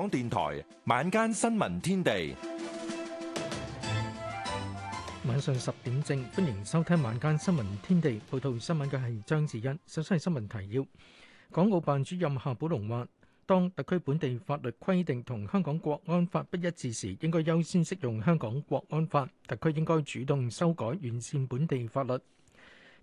港電台晚間新聞天地，晚上十點正，歡迎收聽晚間新聞天地。報道新聞嘅係張智欣。首先係新聞提要。港澳辦主任夏寶龍話，當特區本地法律規定同香港國安法不一致時，應該優先適用香港國安法。特區應該主動修改完善本地法律。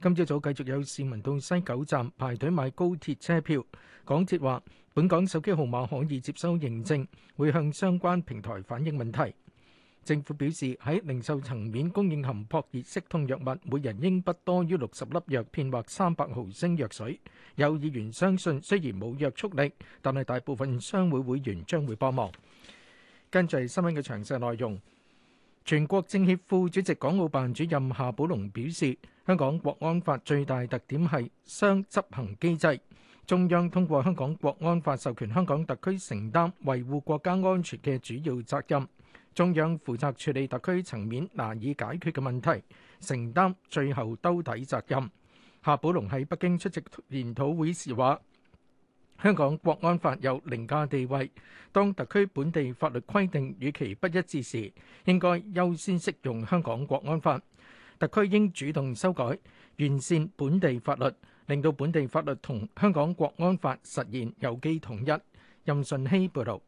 今朝早繼續有市民到西九站排隊買高鐵車票。港鐵話。本港手機號碼可以接收認證，會向相關平台反映問題。政府表示喺零售層面供應含撲熱息痛藥物，每人應不多於六十粒藥片或三百毫升藥水。有議員相信，雖然冇約束力，但係大部分商會會員將會幫忙。根據新聞嘅詳細內容，全國政協副主席、港澳辦主任夏寶龍表示，香港國安法最大特點係雙執行機制。中央通過香港國安法授權香港特區承擔維護國家安全嘅主要責任，中央負責處理特區層面難以解決嘅問題，承擔最後兜底責任。夏寶龍喺北京出席研討會時話：香港國安法有凌駕地位，當特區本地法律規定與其不一致時，應該優先適用香港國安法。特區應主動修改、完善本地法律。令到本地法律同香港國安法實現有機統一。任順希報道。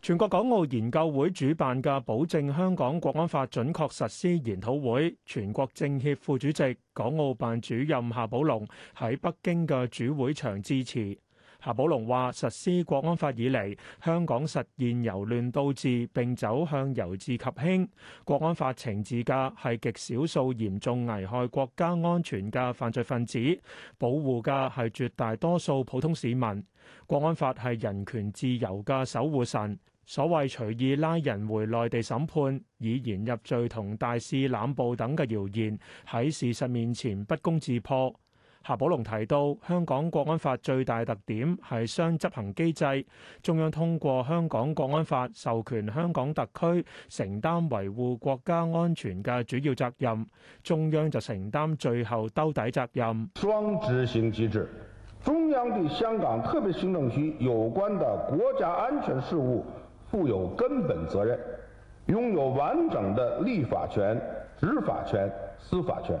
全國港澳研究會主辦嘅保證香港國安法準確實施研討會，全國政協副主席、港澳辦主任夏寶龍喺北京嘅主會場致辭。夏寶龍話：實施國安法以嚟，香港實現由亂到治並走向由治及興。國安法懲治嘅係極少數嚴重危害國家安全嘅犯罪分子，保護嘅係絕大多數普通市民。國安法係人權自由嘅守護神。所謂隨意拉人回內地審判、以言入罪同大肆濫捕等嘅謠言，喺事實面前不攻自破。夏寶龍提到，香港國安法最大特點係雙執行機制，中央通過香港國安法授權香港特區承擔維護國家安全嘅主要責任，中央就承擔最後兜底責任。雙執行機制，中央對香港特別行政區有關的國家安全事務負有根本責任，擁有完整的立法權、執法權、司法權。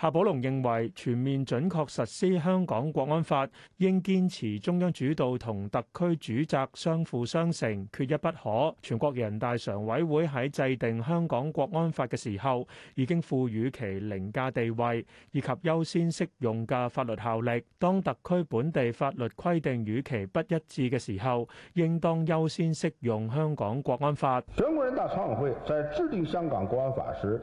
夏寶龍認為，全面準確實施香港國安法，應堅持中央主導同特區主責相輔相成，缺一不可。全國人大常委會喺制定香港國安法嘅時候，已經賦予其凌駕地位以及優先適用嘅法律效力。當特區本地法律規定與其不一致嘅時候，應當優先適用香港國安法。全國人大常委會在制定香港國安法時，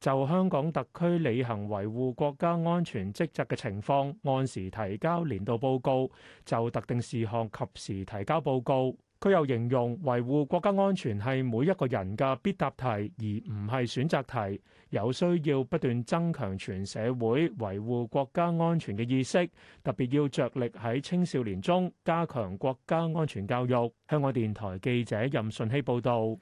就香港特區履行維護國家安全職責嘅情況，按時提交年度報告；就特定事項，及時提交報告。佢又形容維護國家安全係每一個人嘅必答題，而唔係選擇題。有需要不斷增強全社會維護國家安全嘅意識，特別要着力喺青少年中加強國家安全教育。香港電台記者任順希報導。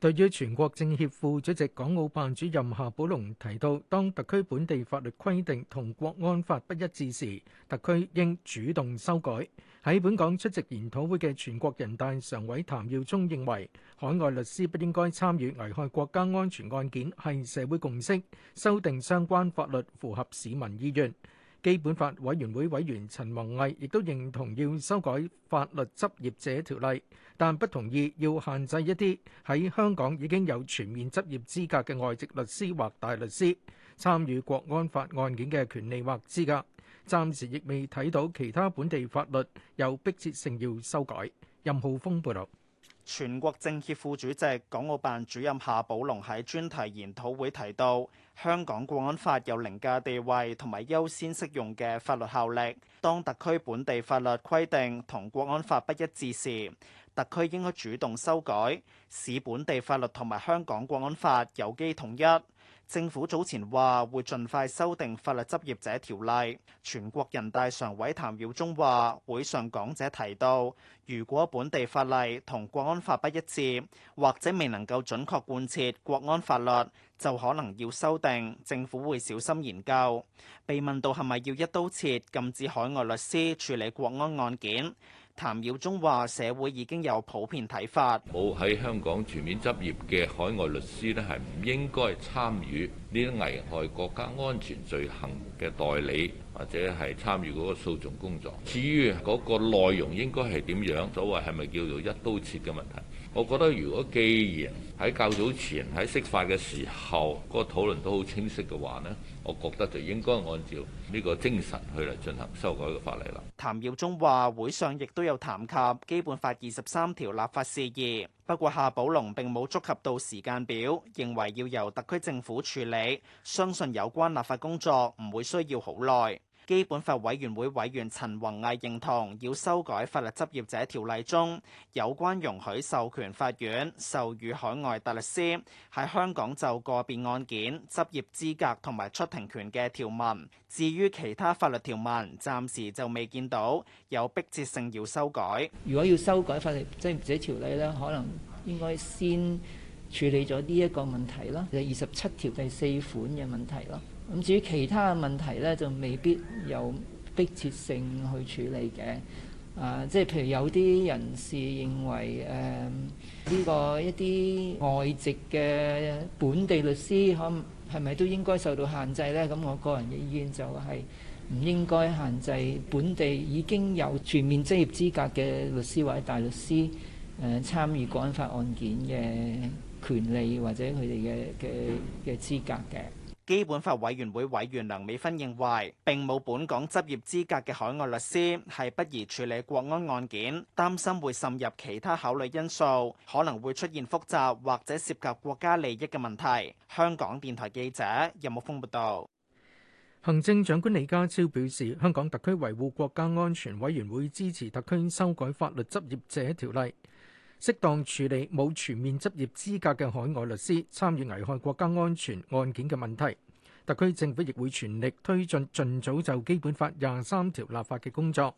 對於全國政協副主席、港澳辦主任夏寶龍提到，當特區本地法律規定同國安法不一致時，特區應主動修改。喺本港出席研討會嘅全國人大常委譚耀宗認為，海外律師不應該參與危害國家安全案件，係社會共識，修訂相關法律符合市民意願。基本法委員會委員陳宏毅亦都認同要修改法律執業者條例，但不同意要限制一啲喺香港已經有全面執業資格嘅外籍律師或大律師參與國安法案件嘅權利或資格。暫時亦未睇到其他本地法律有迫切性要修改。任浩峰報道。全國政協副主席、港澳辦主任夏寶龍喺專題研討會提到，香港國安法有凌駕地位同埋優先適用嘅法律效力。當特區本地法律規定同國安法不一致時，特區應該主動修改，使本地法律同埋香港國安法有機統一。政府早前話會盡快修訂《法律執業者條例》。全國人大常委譚耀宗話：會上講者提到，如果本地法例同國安法不一致，或者未能夠準確貫徹國安法律，就可能要修訂。政府會小心研究。被問到係咪要一刀切禁止海外律師處理國安案件？譚耀宗話：社會已經有普遍睇法，冇喺香港全面執業嘅海外律師呢，係唔應該參與呢啲危害國家安全罪行嘅代理，或者係參與嗰個訴訟工作。至於嗰個內容應該係點樣，所謂係咪叫做一刀切嘅問題？我覺得，如果既然喺較早前喺釋法嘅時候個討論都好清晰嘅話呢，我覺得就應該按照呢個精神去嚟進行修改嘅法例啦。譚耀宗話，會上亦都有談及《基本法》二十三條立法事宜，不過夏寶龍並冇觸及到時間表，認為要由特區政府處理，相信有關立法工作唔會需要好耐。基本法委員會委員陳弘毅認同要修改法律執業者條例中有關容許授權法院授予海外大律師喺香港就個別案件執業資格同埋出庭權嘅條文。至於其他法律條文，暫時就未見到有迫切性要修改。如果要修改法律執業者條例呢，可能應該先處理咗呢一個問題啦，就係二十七條第四款嘅問題啦。咁至於其他嘅問題咧，就未必有迫切性去處理嘅。啊，即係譬如有啲人士認為誒呢、呃這個一啲外籍嘅本地律師可，可係咪都應該受到限制咧？咁我個人嘅意見就係唔應該限制本地已經有全面職業資格嘅律師或者大律師誒參與國安法案件嘅權利或者佢哋嘅嘅嘅資格嘅。基本法委員會委員梁美芬認為，並冇本港執業資格嘅海外律師係不宜處理國安案件，擔心會滲入其他考慮因素，可能會出現複雜或者涉及國家利益嘅問題。香港電台記者任木峰報道。行政長官李家超表示，香港特區維護國家安全委員會支持特區修改法律執業者條例。適當處理冇全面執業資格嘅海外律師參與危害國家安全案件嘅問題。特區政府亦會全力推進，盡早就基本法廿三條立法嘅工作。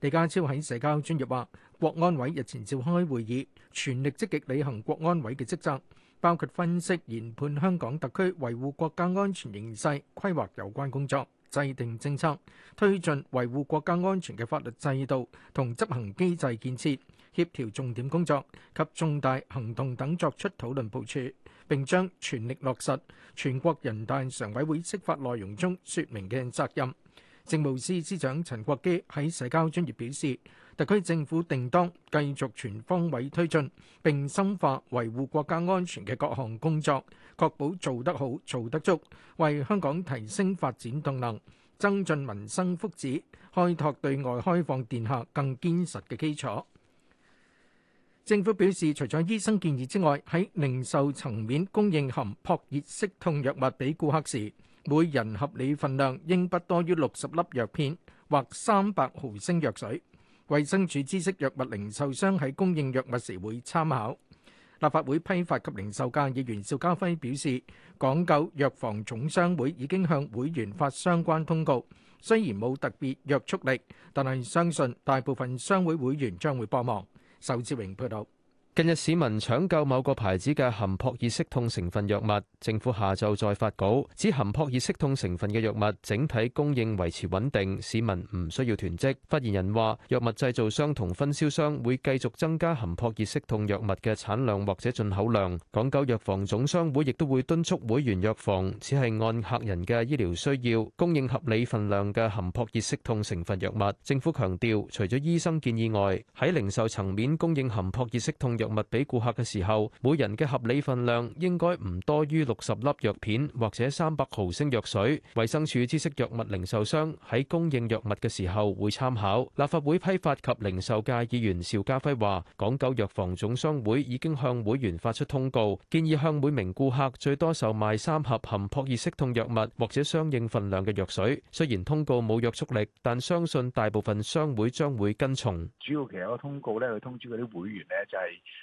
李家超喺社交專頁話，國安委日前召開會議，全力積極履行國安委嘅職責，包括分析研判香港特區維護國家安全形勢，規劃有關工作，制定政策，推進維護國家安全嘅法律制度同執行機制建設。協調重點工作及重大行動等作出討論部署，並將全力落實全國人大常委會釋法內容中説明嘅責任。政務司司長陳國基喺社交專頁表示，特區政府定當繼續全方位推進並深化維護國家安全嘅各項工作，確保做得好、做得足，為香港提升發展動能、增進民生福祉、開拓對外開放奠下更堅實嘅基礎。政府表示，除咗醫生建議之外，喺零售層面供應含撲熱息痛藥物俾顧客時，每人合理份量應不多於六十粒藥片或三百毫升藥水。衛生署知識藥物零售商喺供應藥物時會參考。立法會批發及零售界議員邵家輝表示，港九藥房總商會已經向會員發相關通告，雖然冇特別約束力，但係相信大部分商會會員將會幫忙。仇志榮報道。近日市民搶購某個牌子嘅含撲熱息痛成分藥物，政府下晝再發稿指含撲熱息痛成分嘅藥物整體供應維持穩定，市民唔需要囤積。發言人話，藥物製造商同分銷商會繼續增加含撲熱息痛藥物嘅產量或者進口量，港九藥房總商會亦都會敦促會員藥房只係按客人嘅醫療需要供應合理份量嘅含撲熱息痛成分藥物。政府強調，除咗醫生建議外，喺零售層面供應含撲熱息痛藥藥物俾顧客嘅時候，每人嘅合理份量應該唔多於六十粒藥片或者三百毫升藥水。衛生署知識藥物零售商喺供應藥物嘅時候會參考。立法會批發及零售界議員邵家輝話，港九藥房總商會已經向會員發出通告，建議向每名顧客最多售賣三盒含撲熱息痛藥物或者相應份量嘅藥水。雖然通告冇約束力，但相信大部分商會將會跟從。主要其實個通告咧，佢通知嗰啲會員咧，就係，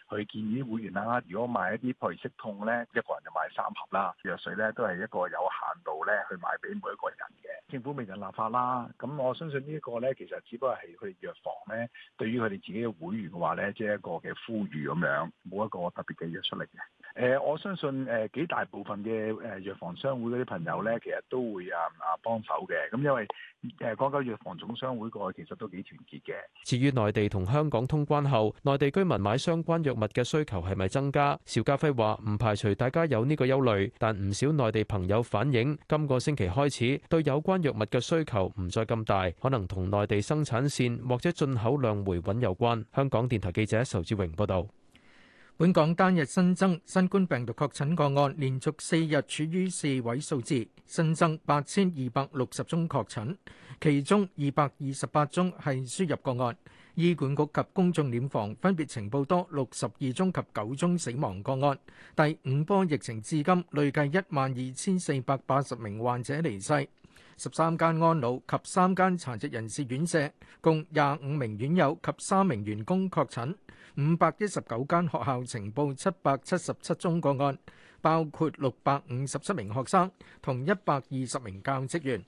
去建議會員啦，如果買一啲必理痛咧，一個人就買三盒啦。藥水咧都係一個有限度咧去賣俾每一個人嘅。政府未有立法啦，咁我相信呢一個咧其實只不過係佢哋藥房咧對於佢哋自己嘅會員嘅話咧，即係一個嘅呼籲咁樣，冇一個特別嘅藥出嚟嘅。誒，我相信誒幾大部分嘅誒藥房商會啲朋友咧，其實都會啊啊幫手嘅。咁因為誒講緊藥房總商會個，其實都幾團結嘅。至於內地同香港通關後，內地居民買相關藥物嘅需求係咪增加？邵家輝話唔排除大家有呢個憂慮，但唔少內地朋友反映，今個星期開始對有關藥物嘅需求唔再咁大，可能同內地生產線或者進口量回穩有關。香港電台記者仇志榮報導。本港單日新增新冠病毒確診個案，連續四日處於四位數字，新增八千二百六十宗確診，其中二百二十八宗係輸入個案。醫管局及公眾殮房分別呈報多六十二宗及九宗死亡個案。第五波疫情至今累計一萬二千四百八十名患者離世。十三間安老及三間殘疾人士院舍，共廿五名院友及三名員工確診。五百一十九間學校呈報七百七十七宗個案，包括六百五十七名學生同一百二十名教職員。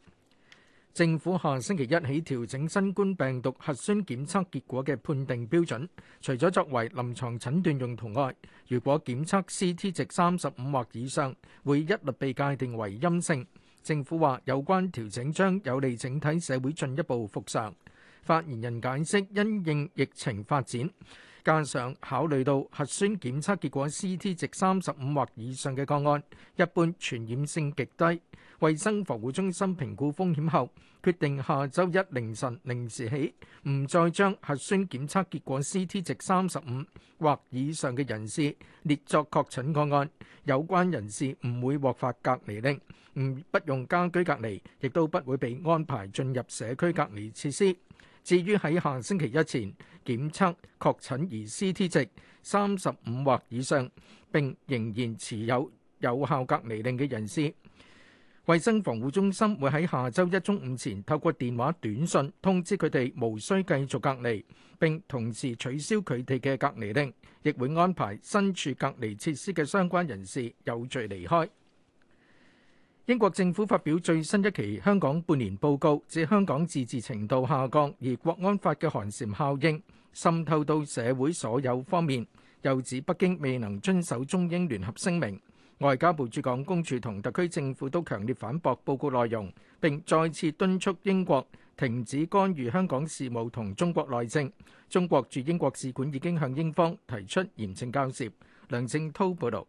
政府下星期一起調整新冠病毒核酸檢測結果嘅判定標準，除咗作為臨床診斷用途外，如果檢測 CT 值三十五或以上，會一律被界定為陰性。政府話有關調整將有利整體社會進一步復常。發言人解釋，因應疫情發展，加上考慮到核酸檢測結果 CT 值三十五或以上嘅個案，一般傳染性極低，衞生防護中心評估風險後，決定下週一凌晨零時起，唔再將核酸檢測結果 CT 值三十五或以上嘅人士列作確診個案。有關人士唔會獲發隔離令，唔不用家居隔離，亦都不會被安排進入社區隔離設施。至於喺下星期一前檢測確診而 CT 值三十五或以上，並仍然持有有效隔離令嘅人士，衛生防護中心會喺下週一中午前透過電話短訊通知佢哋無需繼續隔離，並同時取消佢哋嘅隔離令，亦會安排身處隔離設施嘅相關人士有序離開。英國政府發表最新一期香港半年報告，指香港自治程度下降，而國安法嘅寒蟬效應滲透到社會所有方面。又指北京未能遵守中英聯合聲明。外交部駐港公署同特區政府都強烈反駁報告內容，並再次敦促英國停止干預香港事務同中國內政。中國駐英國使館已經向英方提出嚴正交涉。梁正滔報導。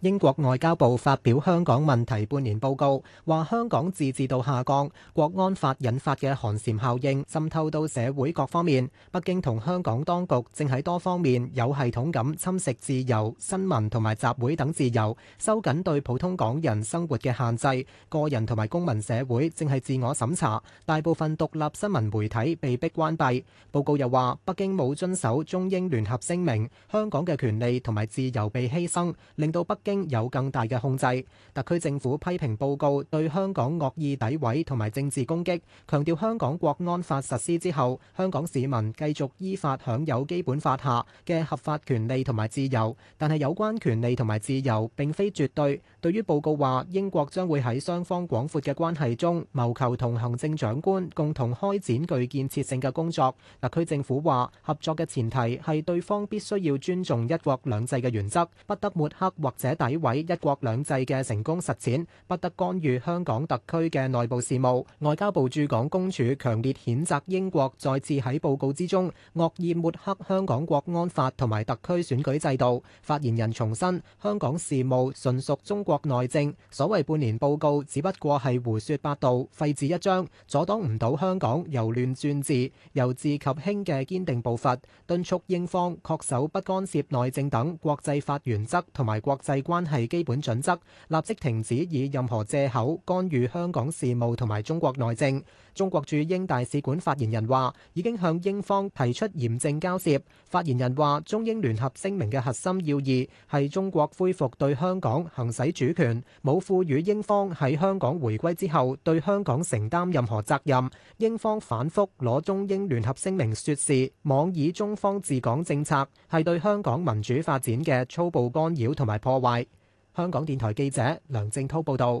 英國外交部發表香港問題半年報告，話香港自治度下降，國安法引發嘅寒蟬效應滲透到社會各方面。北京同香港當局正喺多方面有系統咁侵蝕自由、新聞同埋集會等自由，收緊對普通港人生活嘅限制。個人同埋公民社會正係自我審查，大部分獨立新聞媒體被逼關閉。報告又話，北京冇遵守中英聯合聲明，香港嘅權利同埋自由被犧牲，令到北。經有更大嘅控制，特區政府批評報告對香港惡意詆毀同埋政治攻擊，強調香港國安法實施之後，香港市民繼續依法享有基本法下嘅合法權利同埋自由。但係有關權利同埋自由並非絕對。對於報告話英國將會喺雙方廣闊嘅關係中謀求同行政長官共同開展具建設性嘅工作，特區政府話合作嘅前提係對方必須要尊重一國兩制嘅原則，不得抹黑或者。詆毀一國兩制嘅成功實踐，不得干預香港特區嘅內部事務。外交部駐港公署強烈譴責英國再次喺報告之中惡意抹黑香港國安法同埋特區選舉制度。發言人重申，香港事務純屬中國內政，所謂半年報告只不過係胡說八道、廢紙一張，阻擋唔到香港由亂轉治、由治及興嘅堅定步伐。敦促英方恪守不干涉內政等國際法原則同埋國際關係基本準則，立即停止以任何藉口干預香港事務同埋中國內政。中國駐英大使館發言人話，已經向英方提出嚴正交涉。發言人話，中英聯合聲明嘅核心要義係中國恢復對香港行使主權，冇賦予英方喺香港回歸之後對香港承擔任何責任。英方反覆攞中英聯合聲明說事，妄議中方治港政策係對香港民主發展嘅粗暴干擾同埋破壞。香港電台記者梁正濤報道。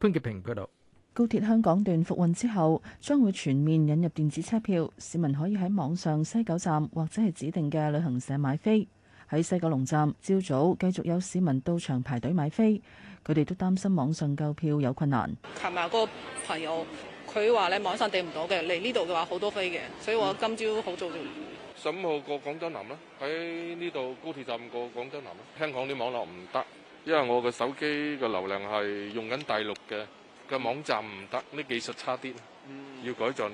潘潔平報道：高鐵香港段復運之後，將會全面引入電子車票，市民可以喺網上西九站或者係指定嘅旅行社買飛。喺西九龍站，朝早繼續有市民到場排隊買飛，佢哋都擔心網上購票有困難。琴日個朋友，佢話，你網上訂唔到嘅，嚟呢度嘅話好多飛嘅，所以我今朝好早就十五號過廣州南啦，喺呢度高鐵站過廣州南啦。香港啲網絡唔得。因為我個手機個流量係用緊大陸嘅，個網站唔得，啲技術差啲，要改進。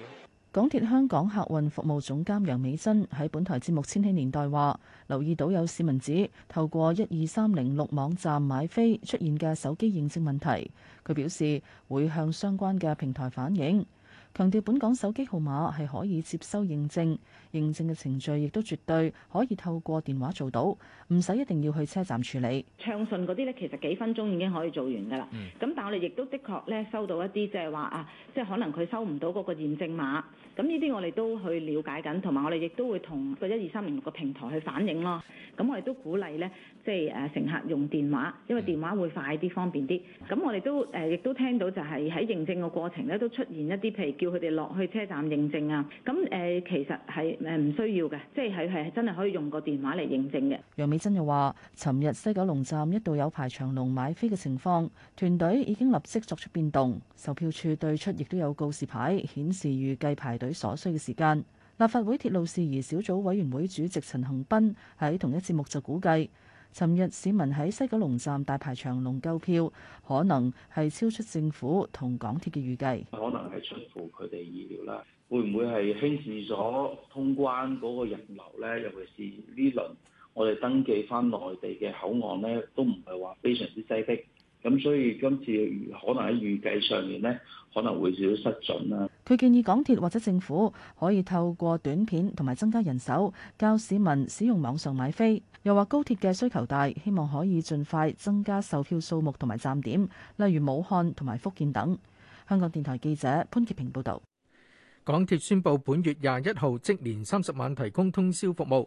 港鐵香港客運服務總監楊美珍喺本台節目《千禧年代》話，留意到有市民指透過「一二三零六」網站買飛出現嘅手機認證問題，佢表示會向相關嘅平台反映。強調本港手機號碼係可以接收認證，認證嘅程序亦都絕對可以透過電話做到，唔使一定要去車站處理。暢順嗰啲咧，其實幾分鐘已經可以做完㗎啦。咁、mm. 但係我哋亦都的確咧收到一啲即係話啊，即係可能佢收唔到嗰個驗證碼。咁呢啲我哋都去了解緊，同埋我哋亦都會同個一二三零六個平台去反映咯。咁我哋都鼓勵咧，即係誒乘客用電話，因為電話會快啲、mm. 方便啲。咁我哋都誒亦都聽到就係喺認證嘅過程咧都出現一啲譬如。要佢哋落去車站認證啊，咁誒其實係誒唔需要嘅，即係係係真係可以用個電話嚟認證嘅。楊美珍又話尋日西九龍站一度有排長龍買飛嘅情況，團隊已經立即作出變動，售票處對出亦都有告示牌顯示預計排隊所需嘅時間。立法會鐵路事宜小組委員會主席陳恒斌喺同一節目就估計。尋日市民喺西九龍站大排長龍購票，可能係超出政府同港鐵嘅預計，可能係出乎佢哋意料啦。會唔會係輕視咗通關嗰個人流咧？尤其是呢輪我哋登記翻內地嘅口岸咧，都唔係話非常之擠迫，咁所以今次可能喺預計上面咧，可能會少失準啦。佢建議港鐵或者政府可以透過短片同埋增加人手，教市民使用網上買飛。又話高鐵嘅需求大，希望可以盡快增加售票數目同埋站點，例如武漢同埋福建等。香港電台記者潘潔平報導。港鐵宣布本月廿一號即年三十晚提供通宵服務。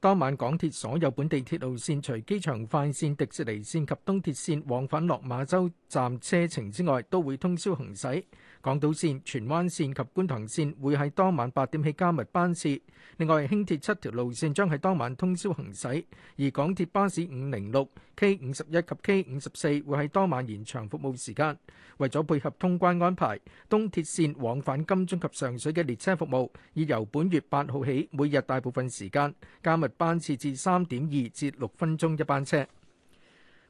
當晚港鐵所有本地鐵路線，除機場快線、迪士尼線及東鐵線往返落馬洲站車程之外，都會通宵行駛。港島線、荃灣線及觀塘線會喺當晚八點起加密班次，另外輕鐵七條路線將喺當晚通宵行駛，而港鐵巴士506、K51 及 K54 會喺當晚延長服務時間。為咗配合通關安排，東鐵線往返金鐘及上水嘅列車服務，已由本月八號起，每日大部分時間加密班次至三點二至六分鐘一班車。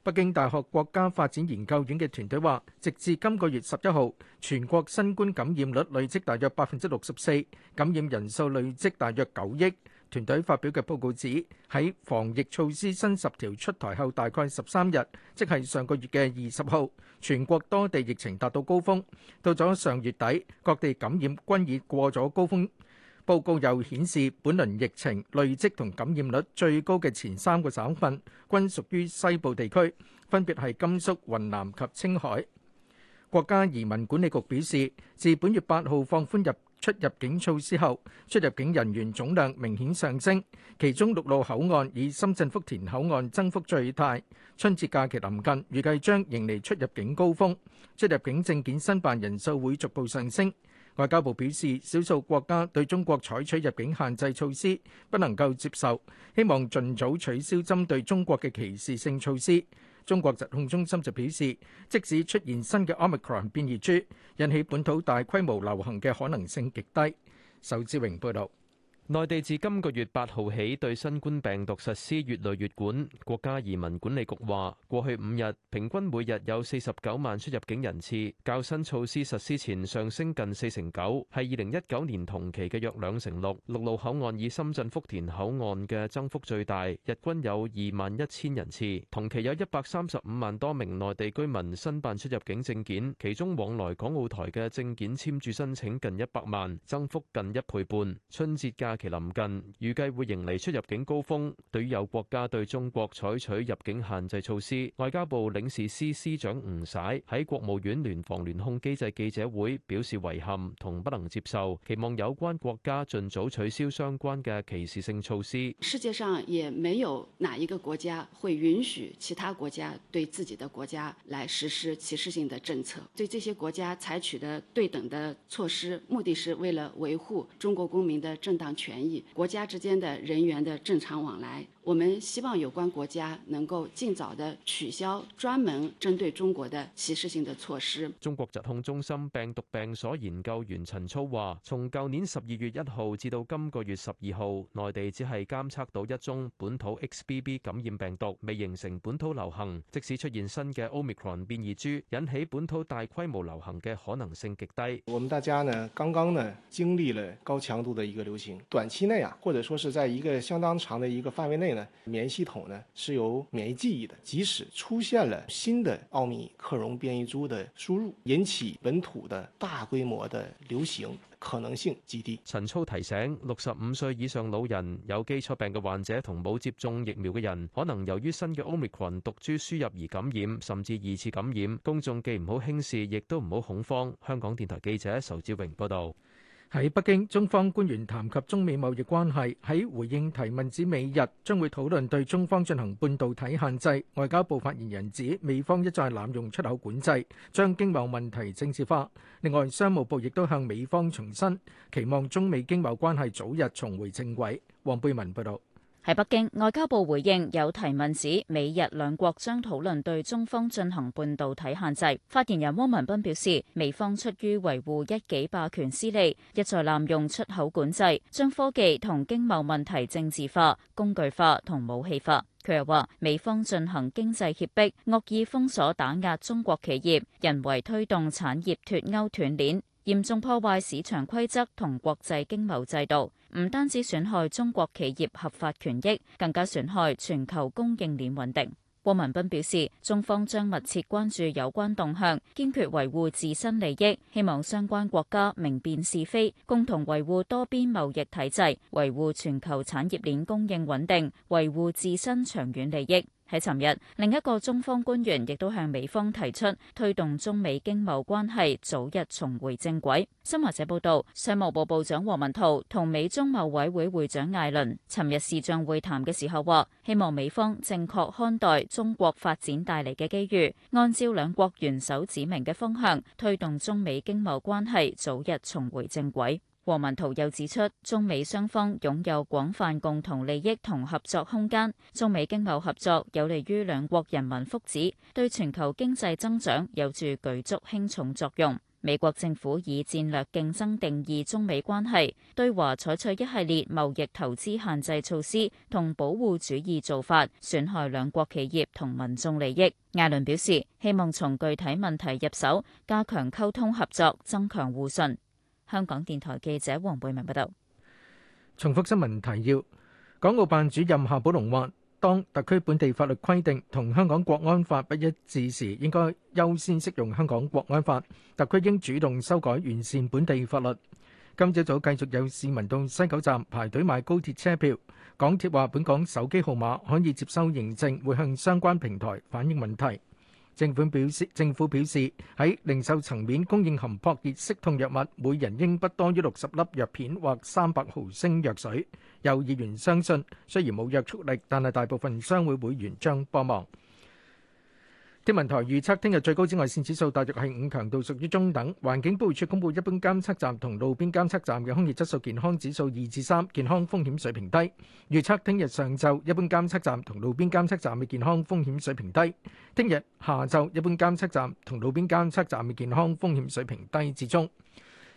北京大學國家發展研究院嘅團隊話，直至今個月十一號，全國新冠感染率累積大約百分之六十四，感染人數累積大約九億。團隊發表嘅報告指，喺防疫措施新十條出台後大概十三日，即係上個月嘅二十號，全國多地疫情達到高峰。到咗上月底，各地感染均已過咗高峰。報告又顯示，本輪疫情累積同感染率最高嘅前三個省份均屬於西部地區，分別係甘肅、雲南及青海。國家移民管理局表示，自本月八號放寬入出入境措施後，出入境人員總量明顯上升，其中陸路口岸以深圳福田口岸增幅最大。春節假期臨近，預計將迎嚟出入境高峰，出入境證件申辦人數會逐步上升。外交部表示，少數國家對中國採取入境限制措施，不能夠接受，希望盡早取消針對中國嘅歧視性措施。中國疾控中心就表示，即使出現新嘅 Omicron 變異株，引起本土大規模流行嘅可能性極低。仇志榮報道。內地自今個月八號起對新冠病毒實施乙類乙管。國家移民管理局話，過去五日平均每日有四十九萬出入境人次，較新措施實施前上升近四成九，係二零一九年同期嘅約兩成六。陸路口岸以深圳福田口岸嘅增幅最大，日均有二萬一千人次。同期有一百三十五萬多名內地居民申辦出入境證件，其中往來港澳台嘅證件簽注申請近一百萬，增幅近一倍半。春節假其臨近，預計會迎嚟出入境高峰。對於有國家對中國採取入境限制措施，外交部領事司司長吳璽喺國務院聯防聯控機制記者會表示遺憾同不能接受，期望有關國家盡早取消相關嘅歧視性措施。世界上也沒有哪一個國家會允許其他國家對自己的國家來實施歧視性的政策，對這些國家採取的對等的措施，目的是為了維護中國公民的正當權權益，國家之間的人員的正常往來。我們希望有關國家能夠盡早的取消專門針對中國的歧視性的措施。中國疾控中心病毒病所研究員陳操話，從舊年十二月一號至到今個月十二號，內地只係監測到一宗本土 XBB 感染病毒，未形成本土流行。即使出現新嘅 Omicron 變異株，引起本土大規模流行嘅可能性極低。我們大家呢，剛剛呢，經歷了高強度的一個流行，短期內啊，或者說是在一個相當長的一個範圍內呢。免疫系統呢，是有免疫記憶的，即使出現了新的奧米克戎變異株的輸入，引起本土的大規模的流行可能性極低。陳操提醒，六十五歲以上老人、有基礎病嘅患者同冇接種疫苗嘅人，可能由於新嘅奧米克戎毒株輸入而感染，甚至二次感染。公眾既唔好輕視，亦都唔好恐慌。香港電台記者仇志榮報道。喺北京，中方官員談及中美貿易關係。喺回應提問指，美日將會討論對中方進行半導體限制。外交部發言人指，美方一再濫用出口管制，將經貿問題政治化。另外，商務部亦都向美方重申，期望中美經貿關係早日重回正軌。黃貝文報道。喺北京，外交部回應有提問指美日兩國將討論對中方進行半導體限制。發言人汪文斌表示，美方出於維護一己霸權私利，一再濫用出口管制，將科技同經貿問題政治化、工具化同武器化。佢又話，美方進行經濟脅迫，惡意封鎖打壓中國企業，人為推動產業脫鈎斷鏈，嚴重破壞市場規則同國際經貿制度。唔單止損害中國企業合法權益，更加損害全球供應鏈穩定。汪文斌表示，中方將密切關注有關動向，堅決維護自身利益，希望相關國家明辨是非，共同維護多邊貿易體制，維護全球產業鏈供應鏈穩定，維護自身長遠利益。喺尋日，另一個中方官員亦都向美方提出推動中美經貿關係早日重回正軌。新華社報導，商務部部長王文濤同美中貿委會會長艾倫尋日視像會談嘅時候話，希望美方正確看待中國發展帶嚟嘅機遇，按照兩國元首指明嘅方向，推動中美經貿關係早日重回正軌。王文濤又指出，中美雙方擁有廣泛共同利益同合作空間，中美經貿合作有利於兩國人民福祉，對全球經濟增長有著舉足輕重作用。美國政府以戰略競爭定義中美關係，對華採取一系列貿易投資限制措施同保護主義做法，損害兩國企業同民眾利益。艾倫表示，希望從具體問題入手，加強溝通合作，增強互信。香港電台記者黃貝文報道。重複新聞提要，港澳辦主任夏寶龍話，當特區本地法律規定同香港國安法不一致時，應該優先適用香港國安法。特區應主動修改完善本地法律。今朝早繼續有市民到西九站排隊買高鐵車票。港鐵話，本港手機號碼可以接收認證，會向相關平台反映問題。政府表示，政府表示喺零售層面供應含撲熱息痛藥物，每人應不多於六十粒藥片或三百毫升藥水。有議員相信，雖然冇約束力，但係大部分商會會員將幫忙。天文台預測，聽日最高紫外線指數大約係五，強度屬於中等。環境保護署公佈，一般監測站同路邊監測站嘅空氣質素健康指數二至三，健康風險水平低。預測聽日上晝，一般監測站同路邊監測站嘅健康風險水平低。聽日下晝，一般監測站同路邊監測站嘅健康風險水平低至中。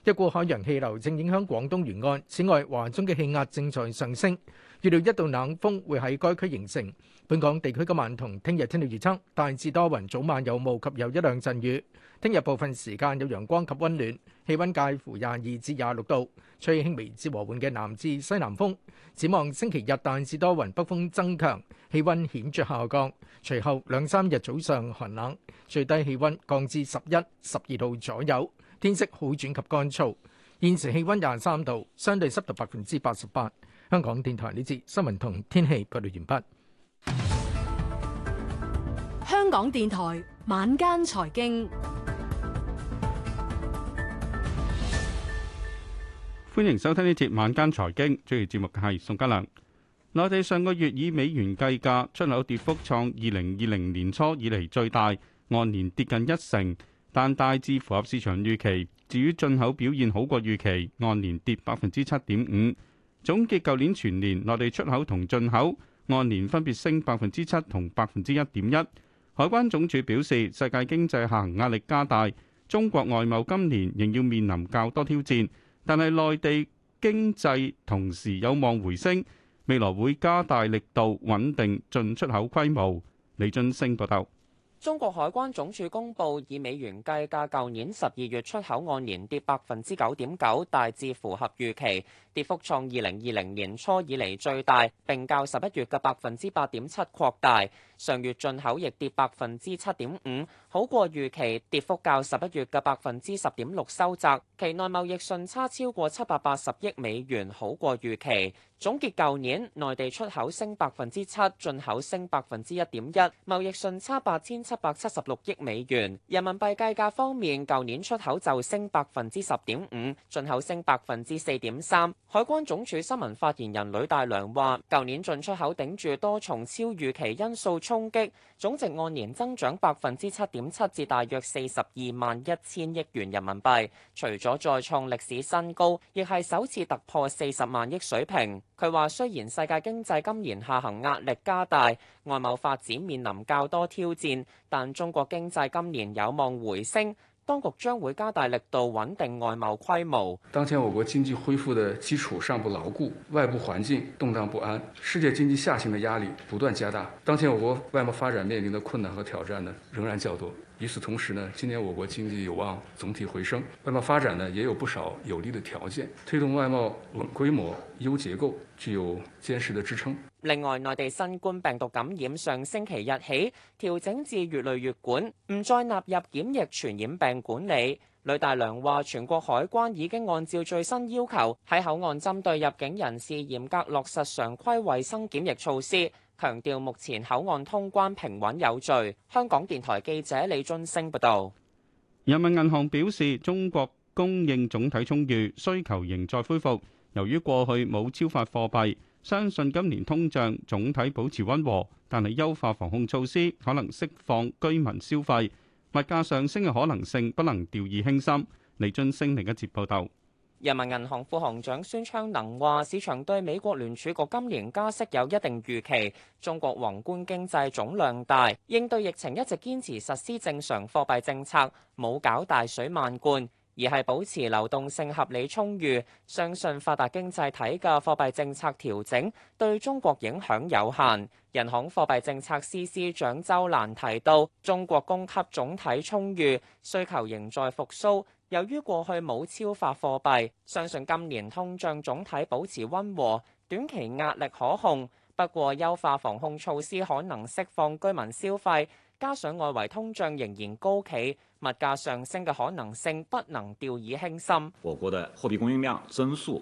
一股海洋氣流正影響廣東沿岸，此外，華中嘅氣壓正在上升，預料一道冷鋒會喺該區形成。本港地區今晚同聽日天氣預測大致多雲，早晚有霧及有一兩陣雨。聽日部分時間有陽光及温暖，氣温介乎廿二至廿六度，吹輕微至和緩嘅南至西南風。展望星期日大致多雲，北風增強，氣温顯著下降。隨後兩三日早上寒冷，最低氣温降至十一、十二度左右，天色好轉及乾燥。現時氣温廿三度，相對濕度百分之八十八。香港電台呢節新聞同天氣報道完畢。香港電台晚間財經，歡迎收聽呢節晚間財經。主持節目嘅係宋嘉良。內地上個月以美元計價出口跌幅創二零二零年初以嚟最大，按年跌近一成，但大致符合市場預期。至於進口表現好過預期，按年跌百分之七點五。總結舊年全年內地出口同進口按年分別升百分之七同百分之一點一。海關總署表示，世界經濟下行壓力加大，中國外貿今年仍要面臨較多挑戰，但係內地經濟同時有望回升，未來會加大力度穩定進出口規模。李津升報道。中國海關總署公布以美元計價，舊年十二月出口按年跌百分之九點九，大致符合預期，跌幅創二零二零年初以嚟最大，並較十一月嘅百分之八點七擴大。上月進口亦跌百分之七點五，好過預期，跌幅較十一月嘅百分之十點六收窄。期內貿易順差超過七百八十億美元，好過預期。總結舊年內地出口升百分之七，進口升百分之一點一，貿易順差八千七百七十六億美元。人民幣計價方面，舊年出口就升百分之十點五，進口升百分之四點三。海關總署新聞發言人呂大良話，舊年進出口頂住多重超預期因素衝擊，總值按年增長百分之七點七至大約四十二萬一千億元人民幣。除咗再創歷史新高，亦係首次突破四十萬億水平。佢話：雖然世界經濟今年下行壓力加大，外貿發展面臨較多挑戰，但中國經濟今年有望回升，當局將會加大力度穩定外貿規模。當前我國經濟恢復的基礎尚不牢固，外部環境動盪不安，世界經濟下行的壓力不斷加大。當前我國外貿發展面臨的困難和挑戰呢，仍然較多。與此同時呢，今年我國經濟有望總體回升，外貿發展呢也有不少有利的條件，推動外貿穩規模、優結構具有堅實的支撐。另外，內地新冠病毒感染上星期日起，調整至乙類乙管，唔再納入檢疫傳染病管理。呂大良話：全國海關已經按照最新要求，喺口岸針對入境人士嚴格落實常規衛生檢疫措施。強調目前口岸通關平穩有序。香港電台記者李俊升報道。人民銀行表示，中國供應總體充裕，需求仍在恢復。由於過去冇超發貨幣，相信今年通脹總體保持溫和。但係優化防控措施，可能釋放居民消費，物價上升嘅可能性，不能掉以輕心。李俊升另一節報道。人民銀行副行長孫昌能話：市場對美國聯儲局今年加息有一定預期。中國宏觀經濟總量大，應對疫情一直堅持實施正常貨幣政策，冇搞大水漫灌，而係保持流動性合理充裕。相信發達經濟體嘅貨幣政策調整對中國影響有限。人行貨幣政策司司長周蘭提到：中國供給總體充裕，需求仍在復蘇。由於過去冇超發貨幣，相信今年通脹總體保持溫和，短期壓力可控。不過，優化防控措施可能釋放居民消費，加上外圍通脹仍然高企，物價上升嘅可能性不能掉以輕心。我國的貨幣供應量增速，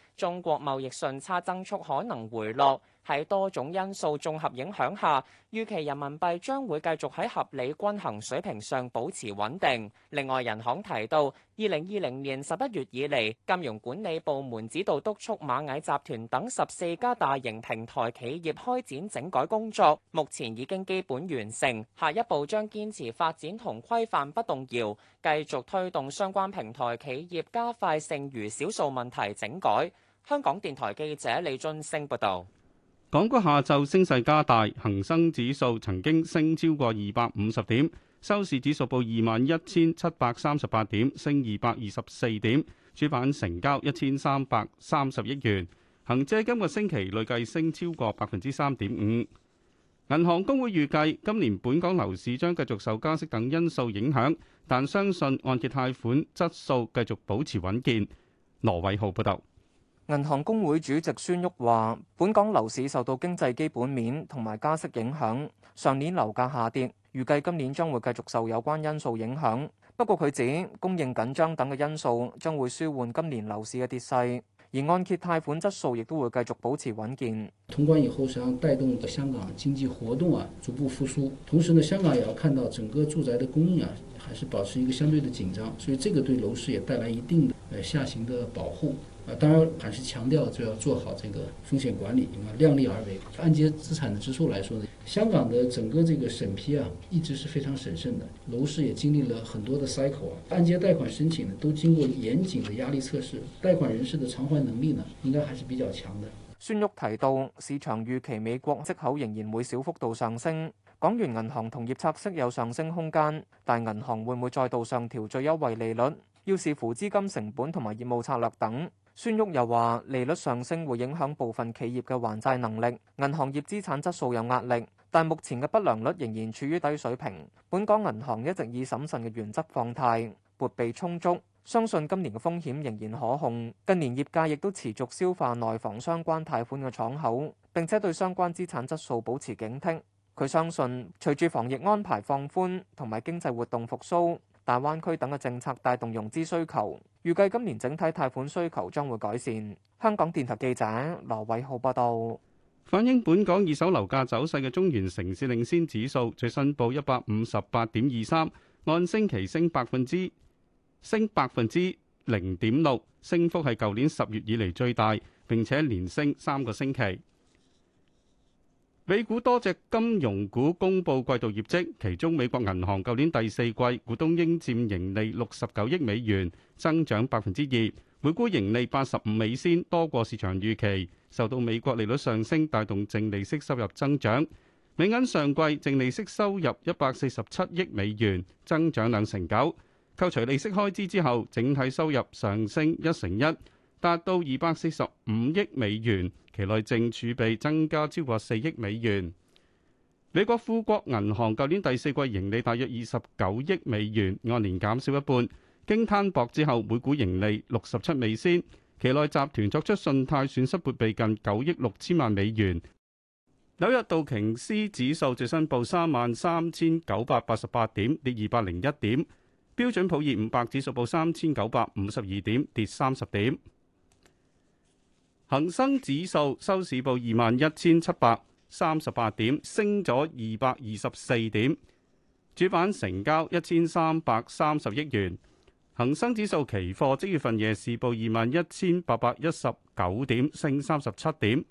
中國貿易順差增速可能回落。喺多種因素綜合影響下，預期人民幣將會繼續喺合理均衡水平上保持穩定。另外，人行提到，二零二零年十一月以嚟，金融管理部門指導督促螞蟻集團等十四家大型平台企業開展整改工作，目前已經基本完成。下一步將堅持發展同規範不動搖，繼續推動相關平台企業加快剩餘少數問題整改。香港電台記者李俊升報導。港股下晝升勢加大，恒生指數曾經升超過二百五十點，收市指數報二萬一千七百三十八點，升二百二十四點，主板成交一千三百三十億元。恒指今個星期累計升超過百分之三點五。銀行公會預計今年本港樓市將繼續受加息等因素影響，但相信按揭貸款質素繼續保持穩健。羅偉浩報道。銀行公會主席孫旭話，本港樓市受到經濟基本面同埋加息影響，上年樓價下跌，預計今年將會繼續受有關因素影響。不過佢指供應緊張等嘅因素將會舒緩今年樓市嘅跌勢，而按揭貸款質素亦都會繼續保持穩健。通關以後，實際上帶動香港經濟活動啊逐步復甦，同時呢，香港也要看到整個住宅嘅供應啊還是保持一個相對的緊張，所以這個對樓市也帶來一定的下行的保護。當然，還是強調就要做好這個風險管理，量力而為。按揭資產的支出來說呢，香港的整個這個審批啊，一直是非常審慎的。樓市也經歷了很多的 cycle 啊，按揭貸款申請呢都經過嚴謹的壓力測試，貸款人士的償還能力呢，應該還是比較強的。孫旭提到，市場預期美國息口仍然會小幅度上升，港元銀行同業拆息有上升空間，但銀行會唔會再度上調最優惠利率，要視乎資金成本同埋業務策略等。孫旭又話：利率上升會影響部分企業嘅還債能力，銀行業資產質素有壓力，但目前嘅不良率仍然處於低水平。本港銀行一直以審慎嘅原則放貸，撥備充足，相信今年嘅風險仍然可控。近年業界亦都持續消化內房相關貸款嘅敞口，並且對相關資產質素保持警惕。佢相信，隨住防疫安排放寬同埋經濟活動復甦，大灣區等嘅政策帶動融資需求，預計今年整體貸款需求將會改善。香港電台記者羅偉浩報道，反映本港二手樓價走勢嘅中原城市領先指數最新報一百五十八點二三，按星期升百分之升百分之零點六，升幅係舊年十月以嚟最大，並且連升三個星期。美股多隻金融股公布季度業績，其中美國銀行舊年第四季股東應佔盈利六十九億美元，增長百分之二，每股盈利八十五美仙，多過市場預期。受到美國利率上升帶動淨利息收入增長，美銀上季淨利息收入一百四十七億美元，增長兩成九，扣除利息開支之後，整體收入上升一成一。達到二百四十五億美元，期內淨儲備增加超過四億美元。美國富國銀行舊年第四季盈利大約二十九億美元，按年減少一半。經攤薄之後，每股盈利六十七美仙。期內集團作出信貸損失撥備近九億六千萬美元。紐約道瓊斯指數最新報三萬三千九百八十八點，跌二百零一點。標準普爾五百指數報三千九百五十二點，跌三十點。恒生指數收市報二萬一千七百三十八點，升咗二百二十四點，主板成交一千三百三十億元。恒生指數期貨即月份夜市報二萬一千八百一十九點，升三十七點。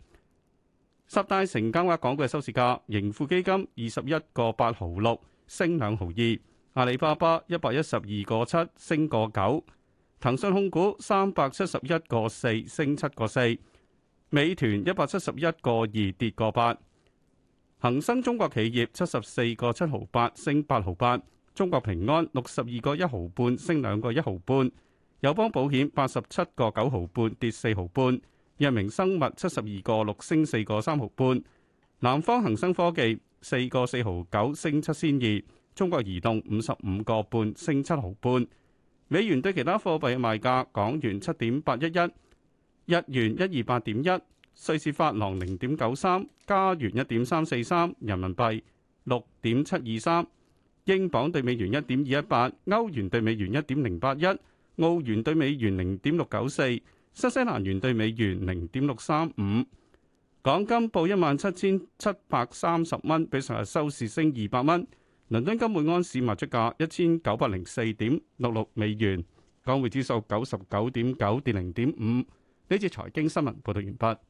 十大成交額港股嘅收市價：盈富基金二十一個八毫六，升兩毫二；阿里巴巴一百一十二個七，升個九；騰訊控股三百七十一個四，升七個四。美團一百七十一個二跌個八，恒生中國企業七十四個七毫八升八毫八，中國平安六十二個一毫半升兩個一毫半，友邦保險八十七個九毫半跌四毫半，藥明生物七十二個六升四個三毫半，南方恒生科技四個四毫九升七仙二，中國移動五十五個半升七毫半，美元對其他貨幣嘅賣價，港元七點八一一。日元一二八點一，瑞士法郎零點九三，加元一點三四三，人民幣六點七二三，英鎊兌美元一點二一八，歐元兌美元一點零八一，澳元兌美元零點六九四，新西蘭元兌美元零點六三五。港金報一萬七千七百三十蚊，比上日收市升二百蚊。倫敦金每安士賣出價一千九百零四點六六美元，港匯指數九十九點九跌零點五。呢次財經新聞報道完畢。